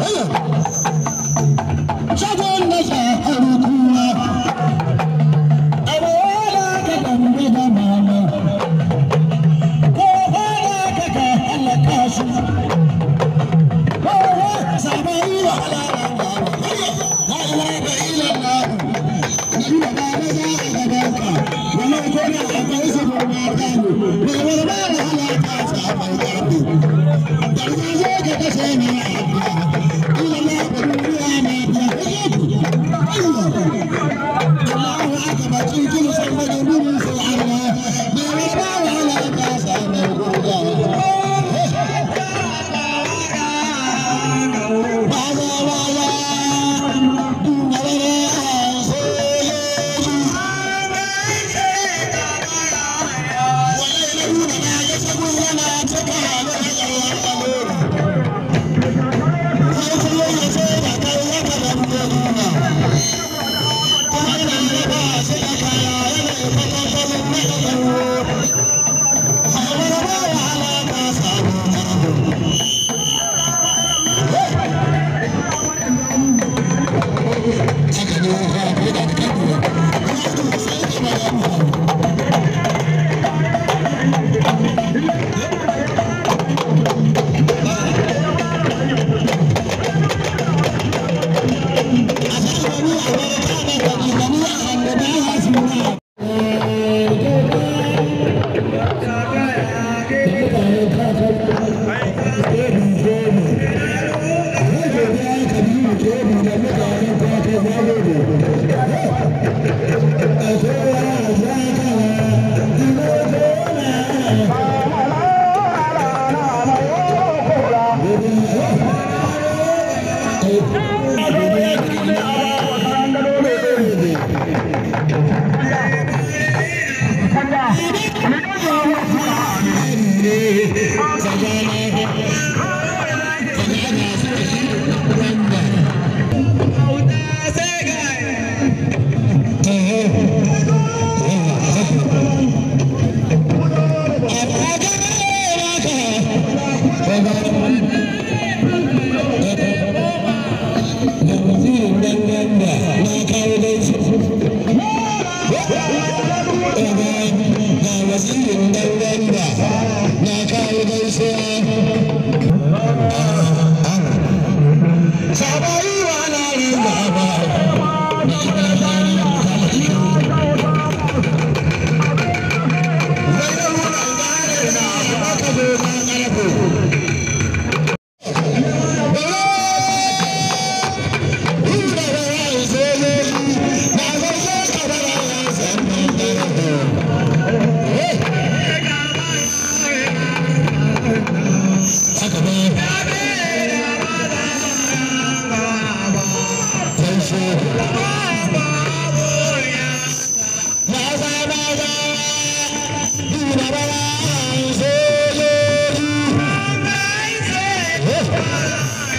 Hey! Thank you. மதி எங்கள்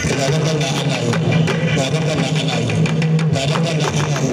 ba da ana yi ba da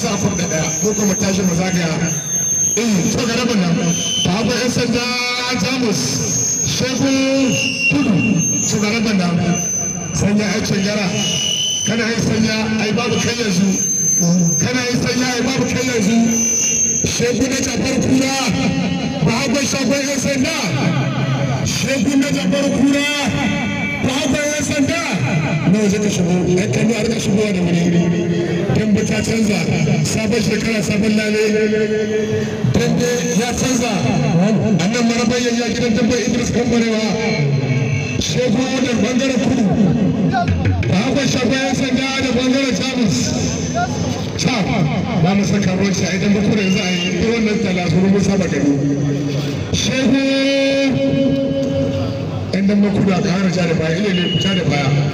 sa kun da daya ko kuma tashi mu zagaya eh to ga rabin nan ta yan sanda jamus shehu kudu su ga rabin nan sanya aikin yara kana yin sanya ai babu kai yanzu kana yin sanya ai babu kai yanzu shehu na kura ba hagu shagon yan sanda shehu na jafar kura ba hagu yan sanda nawa zaka shigo da wani wuri ta canza sabon shekara sabon lale ya canza annan ya gidan dambe idris kambarewa shehu da bangaren kudu da shafa ya sanda da bangaren jamus cap ba mu shi a idan ba kuma yanzu a yi duk wannan talasuru mun saba shehu makuda ka hana ja da baya ile da baya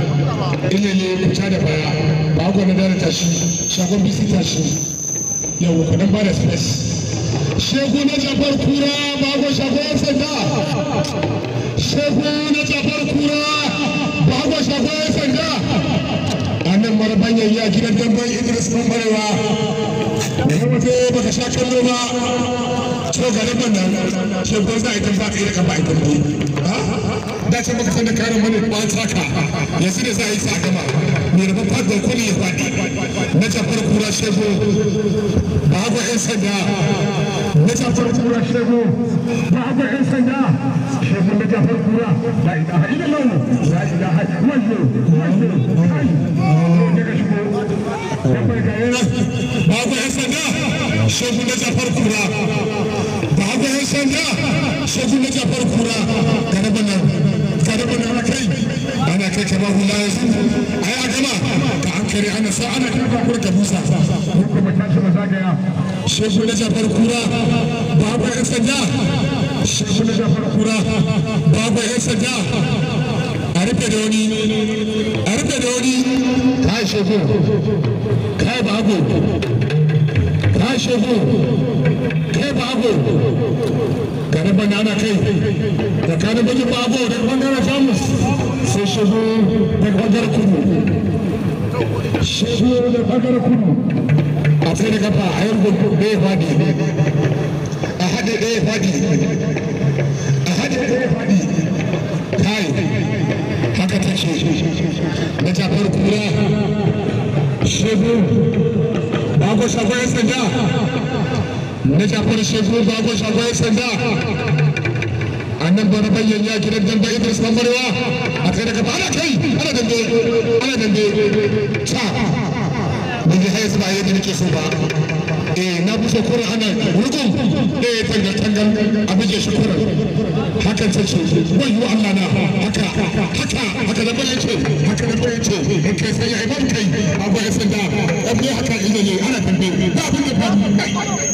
Ina ne kuta da baya ba ku na dara tashi shagon ta shi, yau ku dan bada space shehu na jafar kura ba ku shagon yan sanda shehu na jafar kura ba ku shagon sanda annan maraban yayi a gidan damban idris bambarewa da ba ka sha kallo ba to garin nan shehu za a yi tamba ka yi da ka ba a yi da ce maka sanda karin mani ba tsaka yanzu ne za a yi tsakama mai rufe fadar kuli ya faɗi na jafar kura shego ba haka yan sanda na jafar kura shego ba haka yan sanda shego na kura ba haka yan sanda shego na kura sanda shagun na kura kai ana kai kamar hula ya su a yi an kura ka busa shagun na kura babu yan sanda shagun na jafar kura babu yan sanda a rufe da a ka ka ka babo garin banyana kai tsakanin baki babo bangaren sai shigo bangaren kudu shigo bangaren kudu a da kafa a yin gudu ɗaya fadi a fadi a fadi kai haka ta ce na kura shigo shafa sanda na jafar shekaru bago shagoyin sanda a nan bana bayyan ya gidan da idris bambarewa a kai daga ana kai ana dande ana dambe ta ban yi haya zuba yadda nake so ba eh na fi so ana rukun eh tangar tangar a bije shi kura hakan ta ce wai yi Allah na haka haka haka da bayan ce haka da bayan ce in kai sai ya yi kai a bayan sanda ɗan ne haka ido ne ana dambe ba abin da faru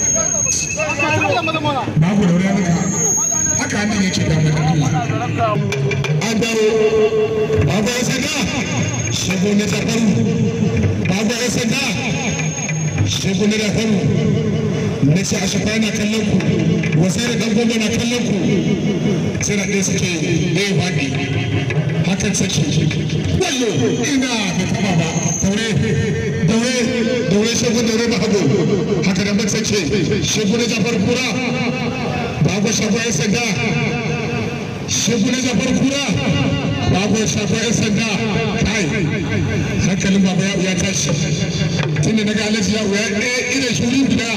babu da wuri haka hannun yake damar Allah an daro babu ya sanda shago na tafaru babu ya sanda shago na tafaru na ce a shafa na kallon ku wasai da dangon na kallon ku sai da ɗaya suke ɗaya hakan sake wallo ina da taba ba taure দৌড়ে দৌড়ে শেখু দৌড়ে বাহাবু হাতে নাম্বার সেছে শেখুনে জাফর পুরা বাবু সাফায় সেগা শেখুনে জাফর পুরা babu shafa yan sanda kai hankalin baba ya ya tashi tunda daga alaji ya wuya ɗaya ina shuri guda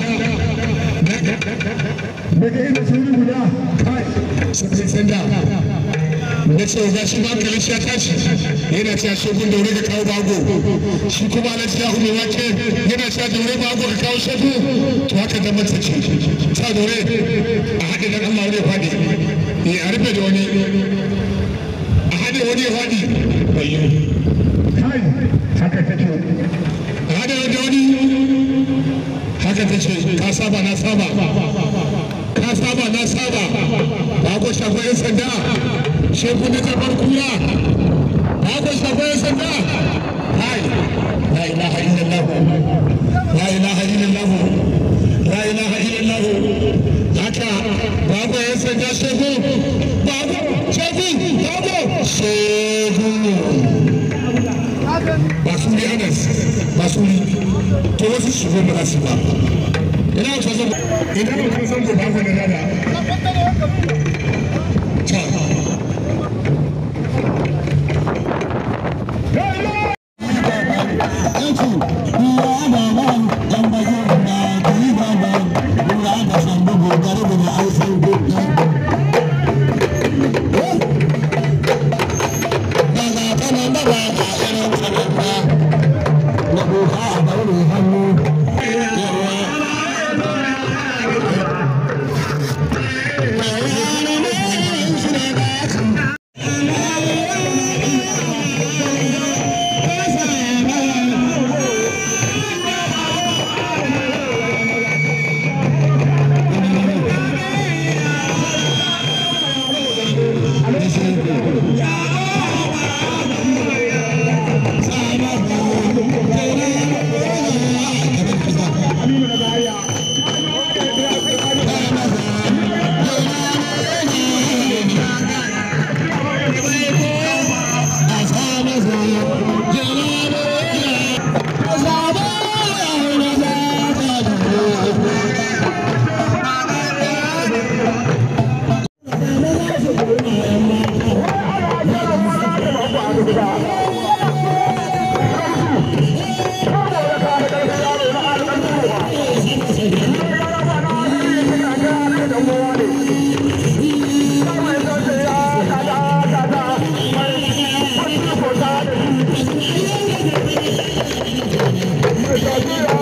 daga ina shuri guda kai shafa sanda na ce ga shi ba kalin sha tashi yana cewa ka kawo bago shi kuma wake yana cewa daure bago ka kawo shagu to haka da ce ta daure a haɗe Allah faɗi ne eh, a rufe da wani a haɗe wani ya faɗi bayyo a haɗe da wani haka ka saba na saba ka saba na saba ba ko shafa yan sanda sheku na karɓar kura ba ku shi tafiya sanda hai la ilaha illallah la ilaha illallah la ilaha illallah haka ba ku yan sanda sheku ba ku sheku ba ku anas Thank you.